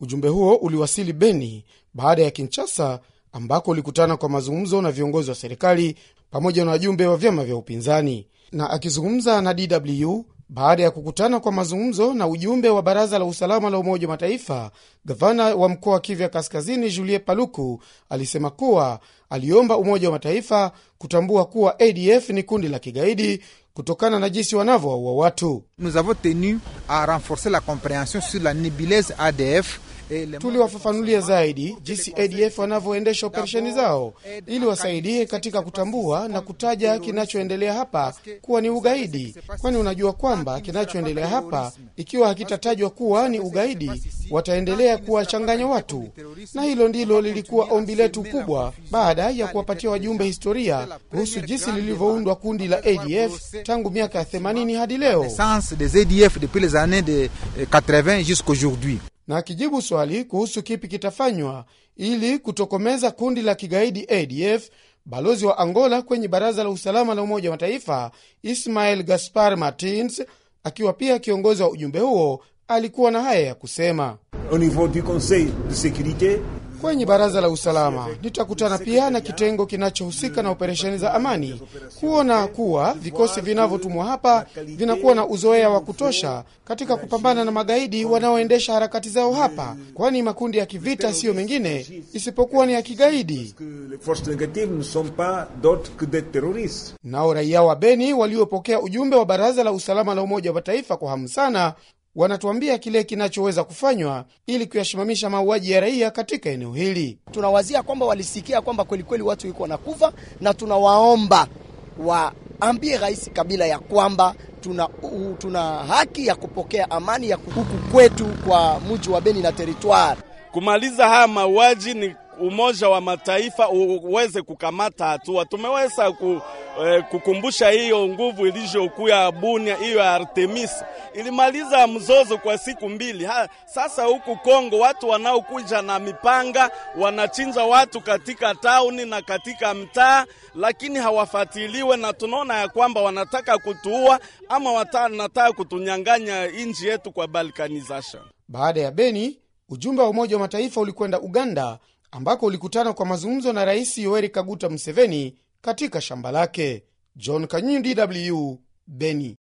Ujumbe huo uliwasili Beni baada ya Kinshasa, ambako ulikutana kwa mazungumzo na viongozi wa serikali pamoja na wajumbe wa vyama vya upinzani. Na akizungumza na DW baada ya kukutana kwa mazungumzo na ujumbe wa baraza la usalama la Umoja wa Mataifa, gavana wa mkoa wa Kivu Kaskazini Julien Paluku alisema kuwa aliomba Umoja wa Mataifa kutambua kuwa ADF ni kundi la kigaidi kutokana na jinsi wanavyowaua watu. Nous avons tenu a renforcer la comprehension sur la ADF tuliwafafanulia zaidi jinsi ADF wanavyoendesha operesheni zao ili wasaidie katika kutambua na kutaja kinachoendelea hapa kuwa ni ugaidi, kwani unajua kwamba kinachoendelea hapa ikiwa hakitatajwa kuwa ni ugaidi, wataendelea kuwachanganya watu, na hilo ndilo lilikuwa ombi letu kubwa baada ya kuwapatia wajumbe historia kuhusu jinsi lilivyoundwa kundi la ADF tangu miaka ya 80 hadi leo na akijibu swali kuhusu kipi kitafanywa ili kutokomeza kundi la kigaidi ADF, balozi wa Angola kwenye baraza la usalama la Umoja wa Mataifa Ismael Gaspar Martins, akiwa pia kiongozi wa ujumbe huo, alikuwa na haya ya kusema: au niveau du conseil de securite Kwenye baraza la usalama nitakutana pia na kitengo kinachohusika na operesheni za amani kuona kuwa vikosi vinavyotumwa hapa vinakuwa na uzoea wa kutosha katika kupambana na magaidi wanaoendesha harakati zao hapa, kwani makundi ya kivita siyo mengine isipokuwa ni ya kigaidi. Nao raia wa Beni waliopokea ujumbe wa baraza la usalama la Umoja wa Mataifa kwa hamu sana wanatuambia kile kinachoweza kufanywa ili kuyasimamisha mauaji ya raia katika eneo hili. Tunawazia kwamba walisikia kwamba kwelikweli watu iko wanakufa, na tunawaomba waambie Rais Kabila ya kwamba tuna, uh, tuna haki ya kupokea amani ya huku kwetu kwa mji wa Beni na teritwari. Kumaliza haya mauaji ni Umoja wa Mataifa uweze kukamata hatua. Tumeweza ku eh, kukumbusha hiyo nguvu ilivyokuya Bunia, hiyo Artemis ilimaliza mzozo kwa siku mbili ha. Sasa huku Kongo watu wanaokuja na mipanga wanachinja watu katika tauni na katika mtaa, lakini hawafatiliwe, na tunaona ya kwamba wanataka kutuua ama wanataka kutunyang'anya nchi yetu kwa balkanization. Baada ya Beni, ujumbe wa Umoja wa Mataifa ulikwenda Uganda ambako ulikutana kwa mazungumzo na Rais Yoweri Kaguta Museveni katika shamba lake. John Kanyindi, W, Beni.